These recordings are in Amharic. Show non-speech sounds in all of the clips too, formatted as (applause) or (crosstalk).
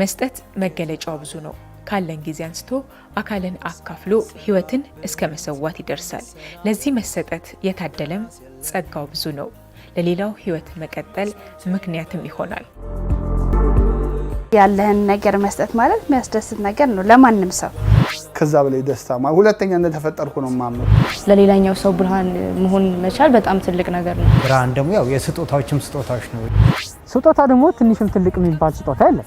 መስጠት መገለጫው ብዙ ነው። ካለን ጊዜ አንስቶ አካልን አካፍሎ ህይወትን እስከ መሰዋት ይደርሳል። ለዚህ መሰጠት የታደለም ጸጋው ብዙ ነው። ለሌላው ህይወት መቀጠል ምክንያትም ይሆናል። ያለህን ነገር መስጠት ማለት የሚያስደስት ነገር ነው ለማንም ሰው። ከዛ በላይ ደስታ ሁለተኛ እንደተፈጠርኩ ነው ማምኑ። ለሌላኛው ሰው ብርሃን መሆን መቻል በጣም ትልቅ ነገር ነው። ብርሃን ደግሞ ያው የስጦታዎችም ስጦታዎች ነው። ስጦታ ደግሞ ትንሽም ትልቅ የሚባል ስጦታ የለም።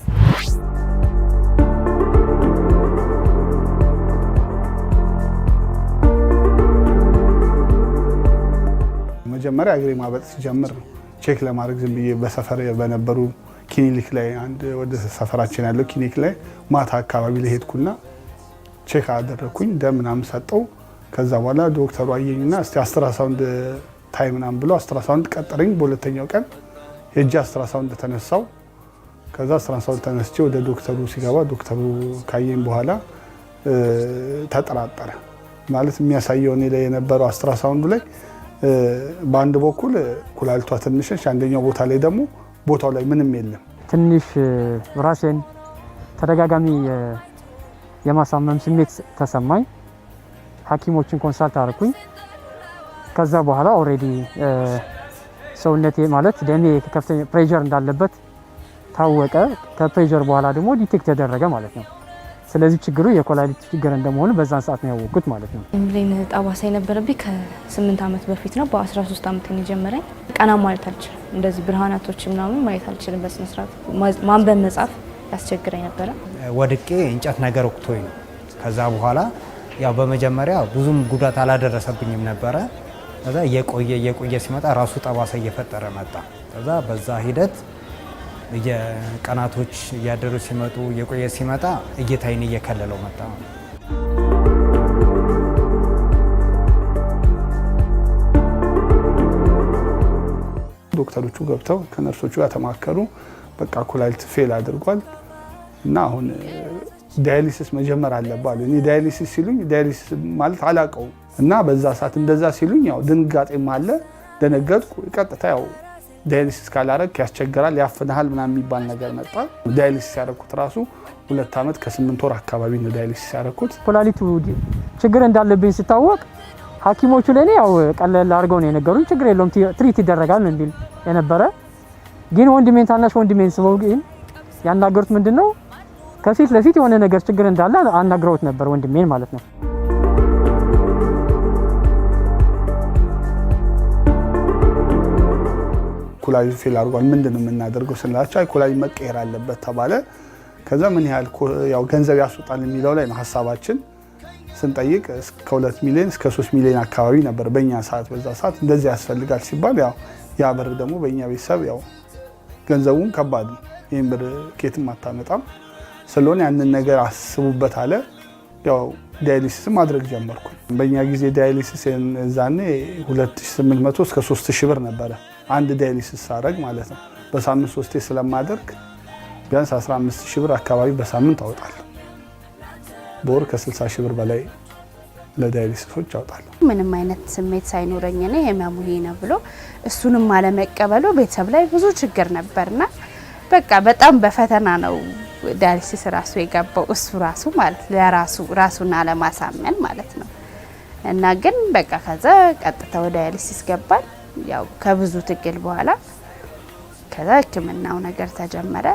መጀመሪያ እግሬ ማበጥ ሲጀምር ቼክ ለማድረግ ዝም ብዬ በሰፈር በነበሩ ክሊኒክ ላይ አንድ ወደ ሰፈራችን ያለው ክሊኒክ ላይ ማታ አካባቢ ለሄድኩና ቼክ አደረግኩኝ። ደም ምናምን ሰጠው። ከዛ በኋላ ዶክተሩ አየኝና እስቲ አስትራሳውንድ ታይም ምናምን ብሎ አስትራሳውንድ ቀጠረኝ። በሁለተኛው ቀን የእጅ አስትራሳው እንደተነሳው ከዛ አስትራሳው ተነስቼ ወደ ዶክተሩ ሲገባ ዶክተሩ ካየኝ በኋላ ተጠራጠረ። ማለት የሚያሳየው እኔ ላይ የነበረው አስትራሳውንዱ ላይ በአንድ በኩል ኩላሊቷ ትንሽሽ፣ አንደኛው ቦታ ላይ ደግሞ ቦታው ላይ ምንም የለም። ትንሽ ራሴን ተደጋጋሚ የማሳመም ስሜት ተሰማኝ። ሐኪሞችን ኮንሳልት አርኩኝ። ከዛ በኋላ ኦልሬዲ ሰውነቴ ማለት ደሜ ከፍተኛ ፕሬዠር እንዳለበት ታወቀ። ከፕሬዠር በኋላ ደግሞ ዲቴክት ተደረገ ማለት ነው። ስለዚህ ችግሩ የኮላሊት ችግር እንደመሆኑ በዛን ሰዓት ነው ያወቅኩት ማለት ነው። ሚግሬን ጠባሳ የነበረብኝ ከስምንት ዓመት በፊት ነው። በ13 ዓመት ነው የጀመረኝ። ቀና ማለት አልችልም። እንደዚህ ብርሃናቶች ምናምን ማየት አልችልም። በስነስርዓት ማንበብ መጻፍ ያስቸግረኝ ነበረ። ወድቄ እንጨት ነገር ወቅቶኝ ነው። ከዛ በኋላ ያው በመጀመሪያ ብዙም ጉዳት አላደረሰብኝም ነበረ ከዛ እየቆየ እየቆየ ሲመጣ ራሱ ጠባሳ እየፈጠረ መጣ። ከዛ በዛ ሂደት ቀናቶች እያደሩ ሲመጡ እየቆየ ሲመጣ እይታይን እየከለለው መጣ። ዶክተሮቹ ገብተው ከነርሶቹ ጋር ተማከሩ። በቃ ኩላሊት ፌል አድርጓል እና አሁን ዳያሊሲስ መጀመር አለባሉ። እኔ ዳያሊሲስ ሲሉኝ ዳያሊሲስ ማለት አላቀው እና በዛ ሰዓት እንደዛ ሲሉኝ ያው ድንጋጤም አለ ደነገጥኩ። ቀጥታ ያው ዳያሊሲስ ካላረግ ያስቸግራል፣ ያፍንሃል ምናምን የሚባል ነገር መጣ። ዳያሊሲስ ያደረኩት ራሱ ሁለት ዓመት ከስምንት ወር አካባቢ ነው ዳያሊሲስ ያደረኩት። ኩላሊቱ ችግር እንዳለብኝ ሲታወቅ ሐኪሞቹ ለእኔ ያው ቀለል አድርገው ነው የነገሩኝ። ችግር የለውም ትሪት ይደረጋል ነው የሚል የነበረ። ግን ወንድሜን ታናሽ ወንድሜን ስበው ግን ያናገሩት ምንድን ነው ከፊት ለፊት የሆነ ነገር ችግር እንዳለ አናግረውት ነበር ወንድሜን ማለት ነው። ኮላጅ ፌል አድርጓል። ምንድን ነው የምናደርገው ስንላቸው አይ ኮላጅ መቀየር አለበት ተባለ። ከዛ ምን ያህል ያው ገንዘብ ያስወጣል የሚለው ላይ ነው ሀሳባችን። ስንጠይቅ 2 ሚሊዮን እስከ 3 ሚሊዮን አካባቢ ነበር በእኛ ሰዓት። በዛ ሰዓት እንደዚህ ያስፈልጋል ሲባል ያው ያ ብር ደግሞ በእኛ ቤተሰብ ያው ገንዘቡን ከባድ ነው። ይህን ብር ኬትም አታመጣም። ስለሆነ ያንን ነገር አስቡበት አለ። ያው ዳያሊሲስ ማድረግ ጀመርኩ። በእኛ ጊዜ ዳያሊሲስ ዛኔ 2800 እስከ 3000 ብር ነበረ አንድ ዳያሊሲስ ሳረግ ማለት ነው። በሳምንት ሶስቴ ስለማደርግ ቢያንስ 15000 ብር አካባቢ በሳምንት አወጣለሁ። በወር ከ60 ሺህ ብር በላይ ለዳያሊሲሶች አወጣለሁ። ምንም አይነት ስሜት ሳይኖረኝ ነ የሚያሙሄ ነው ብሎ እሱንም አለመቀበሉ ቤተሰብ ላይ ብዙ ችግር ነበርና በቃ በጣም በፈተና ነው ዳያሊሲስ ራሱ የገባው እሱ ራሱ ማለት ለራሱ ራሱን አለማሳመን ማለት ነው። እና ግን በቃ ከዛ ቀጥታ ወደ ዳያሊሲስ ገባል። ያው ከብዙ ትግል በኋላ ከዛ ሕክምናው ነገር ተጀመረ።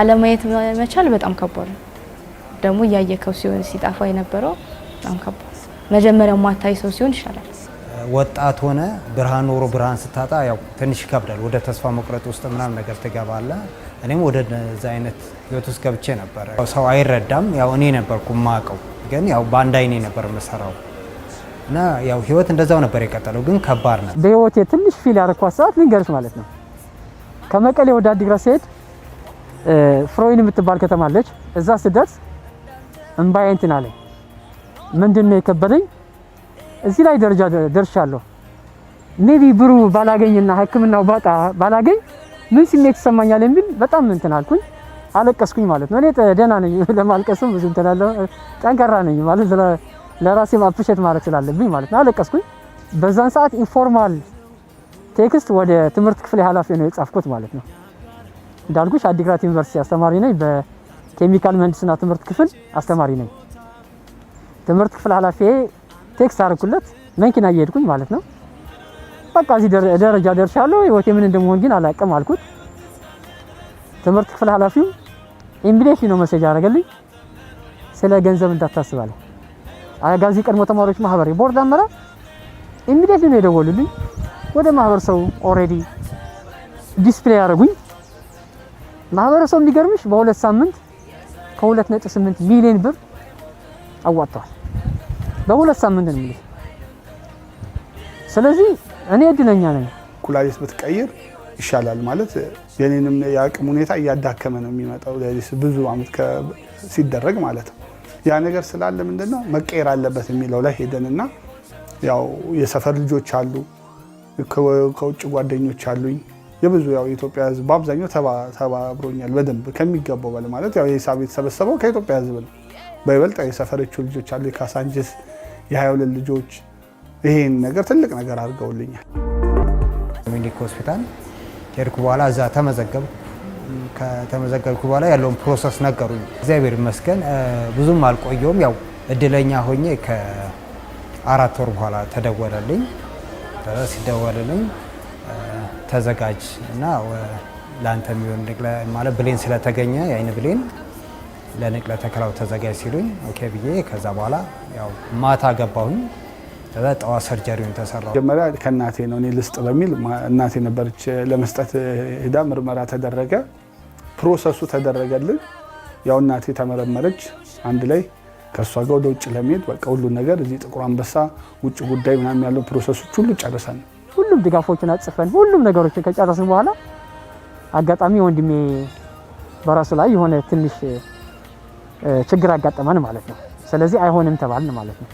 አለማየት መቻል በጣም ከባድ ነው። ደግሞ እያየከው ሲሆን ሲጣፋ የነበረው በጣም ከባድ መጀመሪያው ማታይ ሰው ሲሆን ይሻላል። ወጣት ሆነ ብርሃን ኖሮ ብርሃን ስታጣ ያው ትንሽ ይከብዳል። ወደ ተስፋ መቁረጥ ውስጥ ምናምን ነገር ትገባለ። እኔም ወደ ዛ አይነት ህይወት ውስጥ ገብቼ ነበረ። ሰው አይረዳም። ያው እኔ ነበርኩ ማቀው፣ ግን ያው በአንድ አይኔ ነበር የምሰራው እና ያው ህይወት እንደዛው ነበር የቀጠለው፣ ግን ከባድ ነው። በህይወት ትንሽ ፊል ያደረኳት ሰዓት ልንገርሽ ማለት ነው ከመቀሌ ወደ አዲግራት ስሄድ ፍሮይን የምትባል ከተማ አለች። እዛ ስደርስ እምባዬ እንትን አለኝ ምንድን ነው የከበደኝ እዚህ ላይ ደረጃ ደርሻለሁ። ሜቢ ብሩ ባላገኝና ህክምናው ባጣ ባላገኝ ምን ስሜት ይሰማኛል የሚል በጣም እንትን አልኩኝ፣ አለቀስኩኝ ማለት ነው። እኔ ደህና ነኝ (laughs) ለማልቀስም ብዙ እንትን አለ ጠንካራ ነኝ ማለት ለራሴ ማፕሸት ማለት ስላለብኝ ማለት ነው። አለቀስኩኝ። በዛን ሰዓት ኢንፎርማል ቴክስት ወደ ትምህርት ክፍል ኃላፊ ነው የጻፍኩት ማለት ነው። እንዳልኩሽ አዲግራት ዩኒቨርሲቲ አስተማሪ ነኝ። በኬሚካል ምህንድስና ትምህርት ክፍል አስተማሪ ነኝ። ትምህርት ክፍል ኃላፊ ቴክስት አደረኩለት መኪና እየሄድኩኝ ማለት ነው። በቃ እዚህ ደረጃ ደርሻለሁ፣ ህይወቴ ምን እንደመሆን ግን አላቅም አልኩት። ትምህርት ክፍል ኃላፊው ኢሚዲየትሊ ነው መሰጃ አደረገልኝ። ስለ ገንዘብ እንዳታስባለ አጋዚ ቀድሞ ተማሪዎች ማህበር ቦርድ አመራ ኢሚዲየትሊ ነው የደወሉልኝ። ወደ ማህበረሰቡ ኦልሬዲ ዲስፕሌይ አደረጉኝ። ማህበረሰቡ የሚገርምሽ በሁለት ሳምንት ከ2.8 ሚሊዮን ብር አዋጥተዋል። በሁለት ሳምንት ነው የሚሉት። ስለዚህ እኔ እድለኛ ነኝ። ኩላሊት ብትቀይር ይሻላል ማለት የኔንም የአቅም ሁኔታ እያዳከመ ነው የሚመጣው ብዙ አመት ሲደረግ ማለት ነው። ያ ነገር ስላለ ምንድን ነው መቀየር አለበት የሚለው ላይ ሄደንና ያው የሰፈር ልጆች አሉ፣ ከውጭ ጓደኞች አሉኝ የብዙ ያው የኢትዮጵያ ሕዝብ በአብዛኛው ተባብሮኛል በደንብ ከሚገባው በላይ ማለት ያው የሂሳብ የተሰበሰበው ከኢትዮጵያ ሕዝብ ነው በይበልጥ የሰፈሮቹ ልጆች አሉ የካሳንችስ የሀያሁለት ልጆች ይሄን ነገር ትልቅ ነገር አድርገውልኛል። ሚኒክ ሆስፒታል ሄድኩ በኋላ እዛ ተመዘገብ ከተመዘገብኩ በኋላ ያለውን ፕሮሰስ ነገሩኝ። እግዚአብሔር ይመስገን ብዙም አልቆየውም። ያው እድለኛ ሆኜ ከአራት ወር በኋላ ተደወለልኝ። ሲደወልልኝ ተዘጋጅ እና ለአንተ የሚሆን ማለት ብሌን ስለተገኘ የአይን ብሌን ለንቅለ ተከላው ተዘጋጅ ሲሉኝ ኦኬ ብዬ ከዛ በኋላ ያው ማታ ገባሁኝ። ከዛ ሰርጀሪውን ተሰራ። መጀመሪያ ከእናቴ ነው እኔ ልስጥ በሚል እናቴ ነበረች ለመስጠት ሄዳ ምርመራ ተደረገ፣ ፕሮሰሱ ተደረገልን። ያው እናቴ ተመረመረች አንድ ላይ ከእሷ ጋር ወደ ውጭ ለመሄድ በቃ ሁሉ ነገር እዚህ ጥቁር አንበሳ ውጭ ጉዳይ ምናምን ያለው ፕሮሰሶች ሁሉ ጨርሰን ሁሉም ድጋፎችን አጽፈን ሁሉም ነገሮችን ከጨረስን በኋላ አጋጣሚ ወንድሜ በራሱ ላይ የሆነ ትንሽ ችግር አጋጠመን ማለት ነው። ስለዚህ አይሆንም ተባልን ማለት ነው።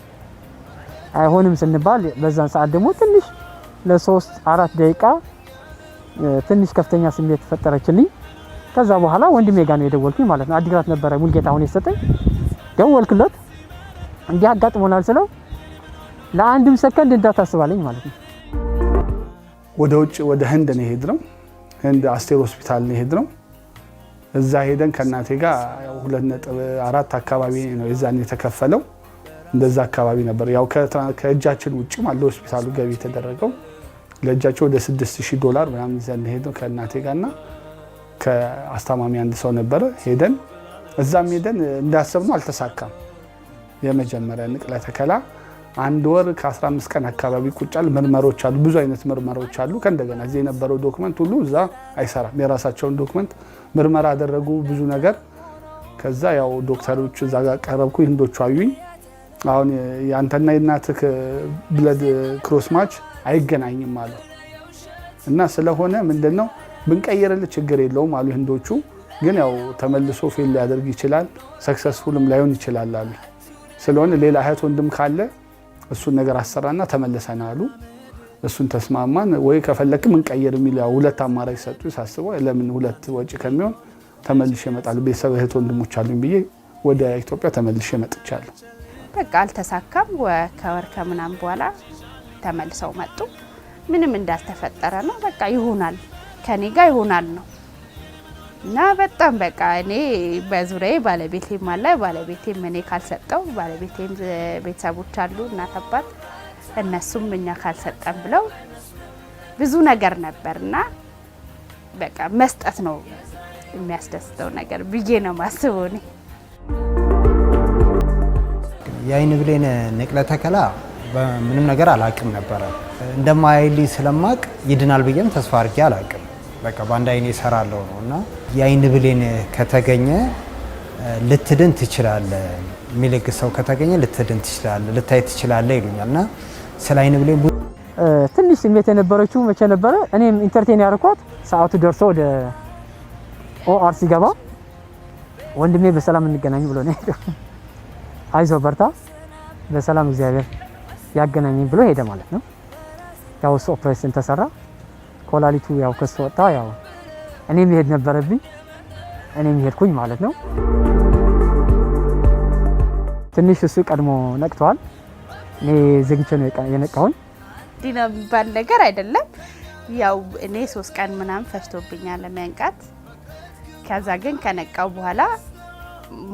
አይሆንም ስንባል በዛን ሰዓት ደግሞ ትንሽ ለሶስት አራት ደቂቃ ትንሽ ከፍተኛ ስሜት ፈጠረችልኝ። ከዛ በኋላ ወንድሜ ጋር ነው የደወልኩኝ ማለት ነው። አዲግራት ነበረ ሙልጌታ አሁን የሰጠኝ ደወልክለት እንዲህ አጋጥሞናል ስለው ለአንድም ሰከንድ እንዳታስባለኝ ማለት ነው። ወደ ውጭ ወደ ህንድ ነው የሄድነው። ህንድ አስቴር ሆስፒታል ነው የሄድነው። እዛ ሄደን ከእናቴ ጋር ሁለት ነጥብ አራት አካባቢ ነው የዛን የተከፈለው። እንደዛ አካባቢ ነበር ያው ከእጃችን ውጭ ማለት ሆስፒታሉ ገቢ የተደረገው ለእጃቸው ወደ ስድስት ሺህ ዶላር ምናምን ይዘን ሄደው ከእናቴ ጋር ጋርና ከአስታማሚ አንድ ሰው ነበረ ሄደን እዛም ሄደን እንዳሰብነው አልተሳካም። የመጀመሪያ ንቅለ ተከላ አንድ ወር ከ15 ቀን አካባቢ ይቁጫል ምርመሮች አሉ፣ ብዙ አይነት ምርመሮች አሉ። ከእንደገና እዚህ የነበረው ዶክመንት ሁሉ እዛ አይሰራም። የራሳቸውን ዶክመንት ምርመራ አደረጉ፣ ብዙ ነገር። ከዛ ያው ዶክተሮች እዛ ጋር ቀረብኩ፣ ህንዶቹ አዩኝ። አሁን የአንተና የእናትህ ብለድ ክሮስ ማች አይገናኝም አሉ እና ስለሆነ ምንድን ነው ብንቀይርልህ ችግር የለውም አሉ ህንዶቹ። ግን ያው ተመልሶ ፌል ሊያደርግ ይችላል፣ ሰክሰስፉልም ላይሆን ይችላል አሉ። ስለሆነ ሌላ እህት ወንድም ካለ እሱን ነገር አሰራና ተመለሰን አሉ። እሱን ተስማማን። ወይ ከፈለክም እንቀይር የሚል ሁለት አማራጭ ሰጡ። ሳስበው ለምን ሁለት ወጪ ከሚሆን ተመልሼ እመጣለሁ፣ ቤተሰብ እህት ወንድሞች አሉኝ ብዬ ወደ ኢትዮጵያ ተመልሼ መጥቻለሁ። በቃ አልተሳካም። ከወር ከምናም በኋላ ተመልሰው መጡ። ምንም እንዳልተፈጠረ ነው። በቃ ይሆናል፣ ከኔ ጋር ይሆናል ነው እና በጣም በቃ እኔ በዙሪያዬ ባለቤቴም አለ። ባለቤቴም እኔ ካልሰጠው ባለቤቴም ቤተሰቦች አሉ እናት አባት፣ እነሱም እኛ ካልሰጠን ብለው ብዙ ነገር ነበር እና በቃ መስጠት ነው የሚያስደስተው ነገር ብዬ ነው ማስበው። እኔ የአይን ብሌን ንቅለ ተከላ ምንም ነገር አላቅም ነበረ። እንደማይልኝ ስለማቅ ይድናል ብዬም ተስፋ አድርጌ አላቅም በቃ በአንድ አይኔ እሰራለሁ ነው እና የአይን ብሌን ከተገኘ ልትድን ትችላለ የሚልግ ሰው ከተገኘ ልትድን ትችላለ፣ ልታይ ትችላለ ይሉኛል እና ስለ አይን ብሌን ትንሽ ስሜት የነበረችው መቼ ነበረ? እኔም ኢንተርቴን ያደርኳት ሰዓቱ ደርሶ ወደ ኦአር ሲገባ ወንድሜ በሰላም እንገናኝ ብሎ ነው ሄደው። አይዞ በርታ፣ በሰላም እግዚአብሔር ያገናኘኝ ብሎ ሄደ ማለት ነው። ያው እሱ ኦፕሬሽን ተሰራ። ኮላሊቱ ያው ከሱ ወጣ። ያው እኔ መሄድ ነበረብኝ፣ እኔ መሄድኩኝ ማለት ነው። ትንሽ እሱ ቀድሞ ነቅቷል፣ እኔ ዘግቼ ነው የነቃሁኝ። ዲና የሚባል ነገር አይደለም። ያው እኔ ሶስት ቀን ምናምን ፈጅቶብኛል ለመንቃት። ከዛ ግን ከነቃው በኋላ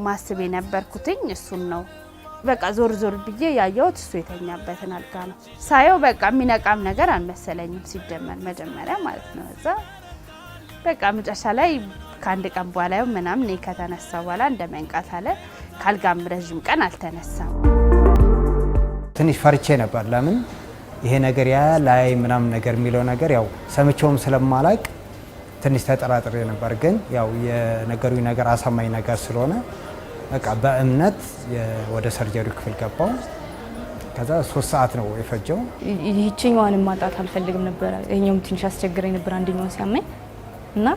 ማስብ የነበርኩትኝ እሱን ነው። በቃ ዞር ዞር ብዬ ያየሁት እሱ የተኛበትን አልጋ ነው። ሳየው በቃ የሚነቃም ነገር አልመሰለኝም ሲጀመር መጀመሪያ ማለት ነው። እዛ በቃ መጨረሻ ላይ ከአንድ ቀን በኋላ ምናምን ከተነሳ በኋላ እንደ መንቃት አለ። ካልጋም ረዥም ቀን አልተነሳም። ትንሽ ፈርቼ ነበር። ለምን ይሄ ነገር ያ ላይ ምናምን ነገር የሚለው ነገር ያው ሰምቼውም ስለማላቅ ትንሽ ተጠራጥሬ ነበር። ግን ያው የነገሩ ነገር አሳማኝ ነገር ስለሆነ በቃ በእምነት ወደ ሰርጀሪ ክፍል ገባው። ከዛ ሶስት ሰዓት ነው የፈጀው። ይህችኛዋንም ማጣት አልፈልግም ነበረ። ይሄኛውም ትንሽ አስቸግረኝ ነበር አንደኛውን ሲያመኝ እና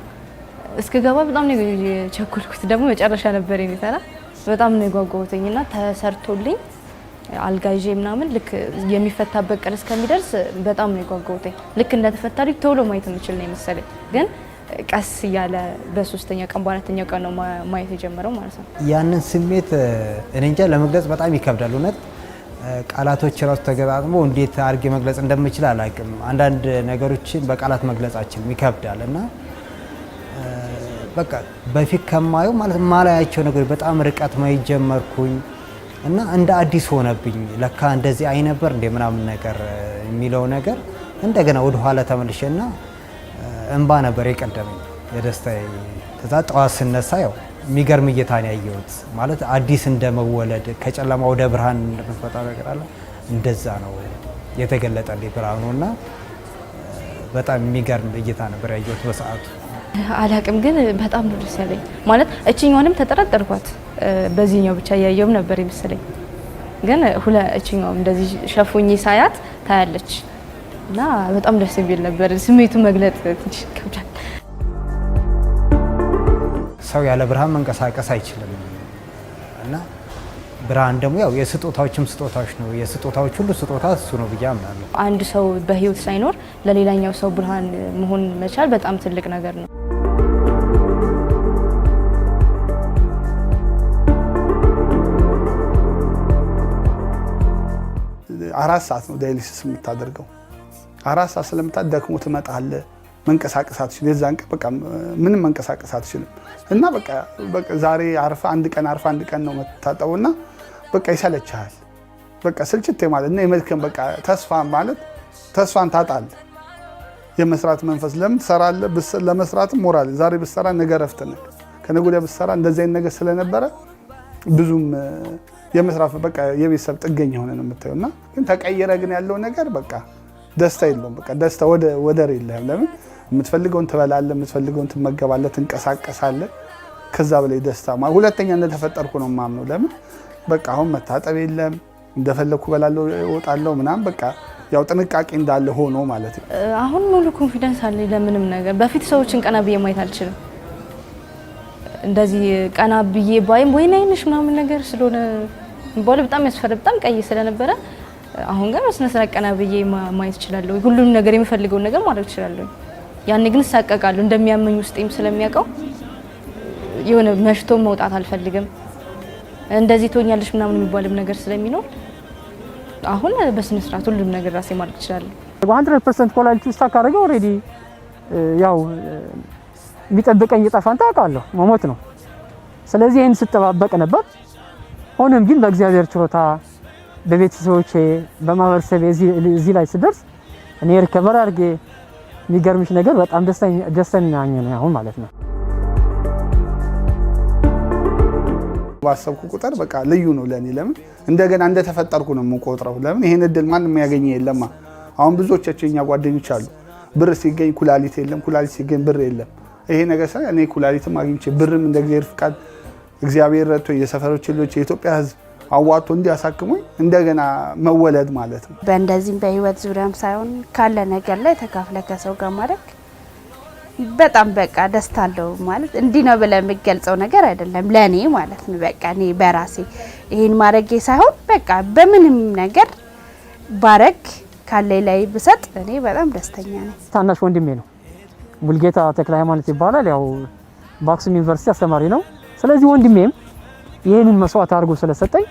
እስክገባ በጣም ነው የቸኮልኩት። ደግሞ መጨረሻ ነበር የሚሰራ በጣም ነው የጓጓሁትኝ እና ተሰርቶልኝ አልጋይዤ ምናምን ልክ የሚፈታበት ቀን እስከሚደርስ በጣም ነው የጓጓሁትኝ። ልክ እንደተፈታ ቶሎ ማየት የምችል ነው የመሰለኝ ግን ቀስ እያለ በሶስተኛ ቀን በአራተኛ ቀን ነው ማየት የጀመረው ማለት ነው። ያንን ስሜት እኔ እንጃ ለመግለጽ በጣም ይከብዳል እውነት ቃላቶች ራሱ ተገጣጥሞ እንዴት አድርጌ መግለጽ እንደምችል አላውቅም። አንዳንድ ነገሮችን በቃላት መግለጻችን ይከብዳል እና በቃ በፊት ከማየው ማለት ማላያቸው ነገሮች በጣም ርቀት ማየት ጀመርኩኝ እና እንደ አዲስ ሆነብኝ። ለካ እንደዚህ አይነበር እንደ ምናምን ነገር የሚለው ነገር እንደገና ወደኋላ ተመልሼ እና እንባ ነበር የቀደመኝ የደስታ ከዛ ጠዋት ስነሳ ያው የሚገርም እይታን ያየሁት ማለት አዲስ እንደመወለድ ከጨለማ ወደ ብርሃን እንደምትመጣ ነገር አለ እንደዛ ነው የተገለጠልኝ ብርሃኑ እና በጣም የሚገርም እይታ ነበር ያየሁት በሰዓቱ አላቅም ግን በጣም ነው ደስ ያለኝ። ማለት እችኛውንም ተጠረጠርኳት በዚህኛው ብቻ እያየውም ነበር ይመስለኝ፣ ግን ሁለ እችኛውም እንደዚህ ሸፉኝ ሳያት ታያለች። እና በጣም ደስ የሚል ነበር። ስሜቱ መግለጥ ትንሽ ይከብዳል። ሰው ያለ ብርሃን መንቀሳቀስ አይችልም እና ብርሃን ደግሞ ያው የስጦታዎችም ስጦታዎች ነው። የስጦታዎች ሁሉ ስጦታ እሱ ነው ብዬ አምናለሁ። አንድ ሰው በህይወት ሳይኖር ለሌላኛው ሰው ብርሃን መሆን መቻል በጣም ትልቅ ነገር ነው። አራት ሰዓት ነው ዳይሊሲስ የምታደርገው አራት ሰዓት ስለምታት ደክሞ ትመጣለህ። መንቀሳቀስ አትችልም። የዛን ቀን በቃ ምንም መንቀሳቀስ አትችልም እና በቃ ዛሬ አርፋ አንድ ቀን አርፋ አንድ ቀን ነው መታጠቡና በቃ ይሰለችሃል። በቃ ስልችት ማለት እና የመድከም በቃ ተስፋ ማለት ተስፋን ታጣለህ። የመስራት መንፈስ ለምን ትሰራለህ? ለመስራት ሞራል ዛሬ ብትሰራ ነገ እረፍት ነህ። ከነገ ወዲያ ብትሰራ እንደዚህ አይነት ነገር ስለነበረ ብዙም የመስራት በቃ የቤተሰብ ጥገኝ የሆነ ነው የምታየው እና ግን ተቀየረ ግን ያለው ነገር በቃ ደስታ የለውም። በቃ ደስታ ወደ ወደር የለህም። ለምን የምትፈልገውን ትበላለህ፣ የምትፈልገውን ትመገባለህ፣ ትንቀሳቀሳለህ። ከዛ በላይ ደስታ ሁለተኛ እንደተፈጠርኩ ነው የማምነው። ለምን በቃ አሁን መታጠብ የለም እንደፈለግኩ በላለው እወጣለሁ ምናምን በቃ ያው ጥንቃቄ እንዳለ ሆኖ ማለት ነው። አሁን ሙሉ ኮንፊደንስ አለ ለምንም ነገር። በፊት ሰዎችን ቀና ብዬ ማየት አልችልም። እንደዚህ ቀና ብዬ ባይም ወይ አይንሽ ምናምን ነገር ስለሆነ በኋላ በጣም ያስፈራ በጣም ቀይ ስለነበረ አሁን ጋር ስነ ስርዓት ቀና ብዬ ማየት እችላለሁ። ሁሉንም ነገር የሚፈልገው ነገር ማድረግ እችላለሁ። ያኔ ግን እሳቀቃለሁ እንደሚያመኝ ውስጤም ስለሚያውቀው የሆነ መሽቶ መውጣት አልፈልግም እንደዚህ ትሆኛለሽ ምናምን የሚባልም ነገር ስለሚኖር አሁን በስነ ስርዓት ሁሉንም ነገር ራሴ ማድረግ እችላለሁ። በሀንድረድ ፐርሰንት ኮላሊቲ ውስጥ ካደረገ ኦልሬዲ ያው የሚጠብቀኝ የጠፋን ታውቃለሁ፣ መሞት ነው። ስለዚህ ይህን ስጠባበቅ ነበር። ሆኖም ግን በእግዚአብሔር ችሎታ። በቤተሰቦቼ በማህበረሰብ እዚህ ላይ ስደርስ እኔ ሪከቨር አድርጌ የሚገርምሽ ነገር በጣም ደስተኛኝ ነው አሁን ማለት ነው። ባሰብኩ ቁጥር በቃ ልዩ ነው ለእኔ። ለምን እንደገና እንደተፈጠርኩ ነው የምቆጥረው። ለምን ይሄን እድል ማንም ያገኘ የለማ። አሁን ብዙዎቻችን እኛ ጓደኞች አሉ ብር ሲገኝ ኩላሊት የለም፣ ኩላሊት ሲገኝ ብር የለም። ይሄ ነገር እኔ ኩላሊትም አግኝቼ ብርም እንደ እግዚአብሔር ፍቃድ እግዚአብሔር ረድቶ የሰፈሮች ልጆች የኢትዮጵያ ህዝብ አዋቶ እንዲያሳክሙኝ እንደገና መወለድ ማለት ነው። በእንደዚህም በህይወት ዙሪያም ሳይሆን ካለ ነገር ላይ ተካፍለ ከሰው ጋር ማድረግ በጣም በቃ ደስታ አለው ማለት እንዲህ ነው ብለ የምገልጸው ነገር አይደለም። ለእኔ ማለት ነው በቃ እኔ በራሴ ይህን ማድረጌ ሳይሆን በቃ በምንም ነገር ባረግ ካለኝ ላይ ብሰጥ እኔ በጣም ደስተኛ ነኝ። ታናሽ ወንድሜ ነው ሙልጌታ ተክለ ሃይማኖት ይባላል። ያው በአክሱም ዩኒቨርሲቲ አስተማሪ ነው። ስለዚህ ወንድሜም ይህንን መስዋዕት አድርጎ ስለሰጠኝ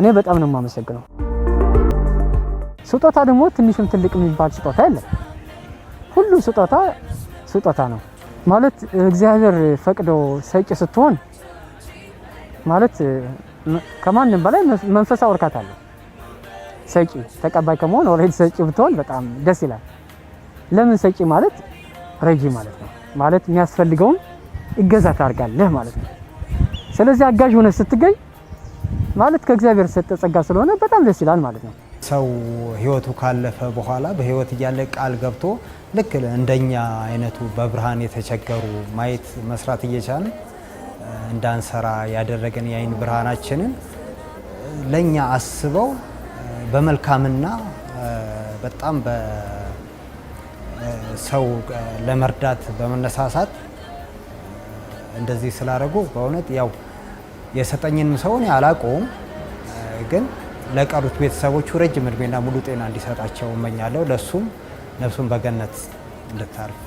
እኔ በጣም ነው የማመሰግነው። ስጦታ ደግሞ ትንሽም ትልቅ የሚባል ስጦታ የለም። ሁሉ ስጦታ ስጦታ ነው ማለት እግዚአብሔር ፈቅዶ ሰጭ ስትሆን ማለት ከማንም በላይ መንፈሳዊ እርካታ አለው። ሰጪ ተቀባይ ከመሆን ኦልሬዲ ሰጪ ብትሆን በጣም ደስ ይላል። ለምን ሰጪ ማለት ረጂ ማለት ነው። ማለት የሚያስፈልገውን እገዛ ታርጋለህ ማለት ነው። ስለዚህ አጋዥ ሆነ ስትገኝ ማለት ከእግዚአብሔር ሰጠ ጸጋ ስለሆነ በጣም ደስ ይላል ማለት ነው። ሰው ህይወቱ ካለፈ በኋላ በህይወት እያለ ቃል ገብቶ ልክ እንደኛ አይነቱ በብርሃን የተቸገሩ ማየት መስራት እየቻለ እንዳንሰራ ያደረገን የአይን ብርሃናችንን ለእኛ አስበው በመልካምና በጣም ሰው ለመርዳት በመነሳሳት እንደዚህ ስላደረጉ በእውነት ያው የሰጠኝን ሰው እኔ አላውቀውም፣ ግን ለቀሩት ቤተሰቦቹ ረጅም እድሜና ሙሉ ጤና እንዲሰጣቸው እመኛለሁ። ለሱም ነፍሱን በገነት እንድታርፍ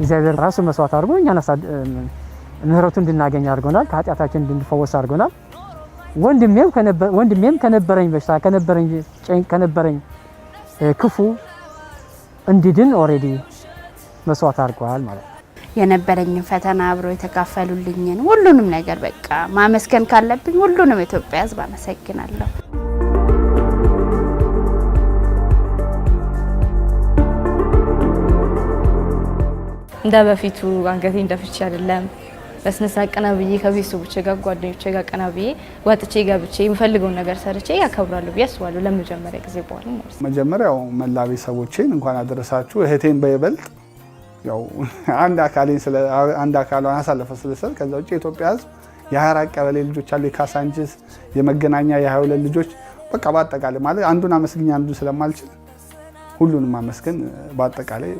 እግዚአብሔር ራሱ መስዋዕት አድርጎ እኛን ምህረቱ እንድናገኝ አድርጎናል። ከኃጢአታችን እንድንፈወስ አድርጎናል። ወንድሜም ከነበረኝ በሽታ ከነበረኝ ክፉ እንዲድን ኦልሬዲ መስዋዕት አድርገዋል ማለት ነው። የነበረኝን ፈተና አብሮ የተካፈሉልኝን ሁሉንም ነገር በቃ ማመስገን ካለብኝ ሁሉንም ኢትዮጵያ ህዝብ አመሰግናለሁ። እንደ በፊቱ አንገቴ እንደፍቼ አይደለም በስነሳ ቀና ብዬ ከቤተሰቦቼ ጋር ጓደኞቼ ጋር ቀና ብዬ ወጥቼ ገብቼ የምፈልገውን ነገር ሰርቼ ያከብራሉ ብዬ አስባለሁ። ለመጀመሪያ ጊዜ በኋላ መጀመሪያው መላ ቤተሰቦቼን እንኳን አደረሳችሁ እህቴን በይበልጥ ያው አንድ አካሌን ስለ አንድ አካሏን አሳልፈ ስለሰጥ ከዛ ውጭ የኢትዮጵያ ህዝብ የ24 ቀበሌ ልጆች አሉ። የካሳንችስ የመገናኛ የ22 ልጆች በቃ በአጠቃላይ ማለት አንዱን አመስግኝ አንዱ ስለማልችል ሁሉንም አመስገን በአጠቃላይ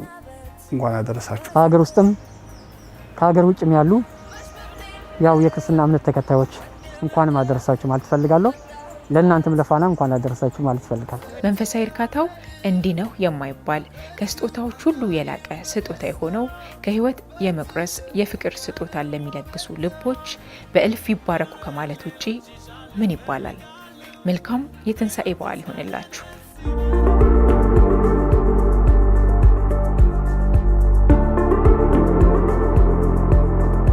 እንኳን አደረሳችሁ። ከሀገር ውስጥም ከሀገር ውጭም ያሉ ያው የክርስትና እምነት ተከታዮች እንኳንም አደረሳችሁ ማለት እፈልጋለሁ። ለእናንተም ለፋና እንኳን አደረሳችሁ ማለት ይፈልጋል። መንፈሳዊ እርካታው እንዲህ ነው የማይባል ከስጦታዎች ሁሉ የላቀ ስጦታ የሆነው ከህይወት የመቁረስ የፍቅር ስጦታን ለሚለግሱ ልቦች በእልፍ ይባረኩ ከማለት ውጪ ምን ይባላል? መልካም የትንሣኤ በዓል ይሆንላችሁ።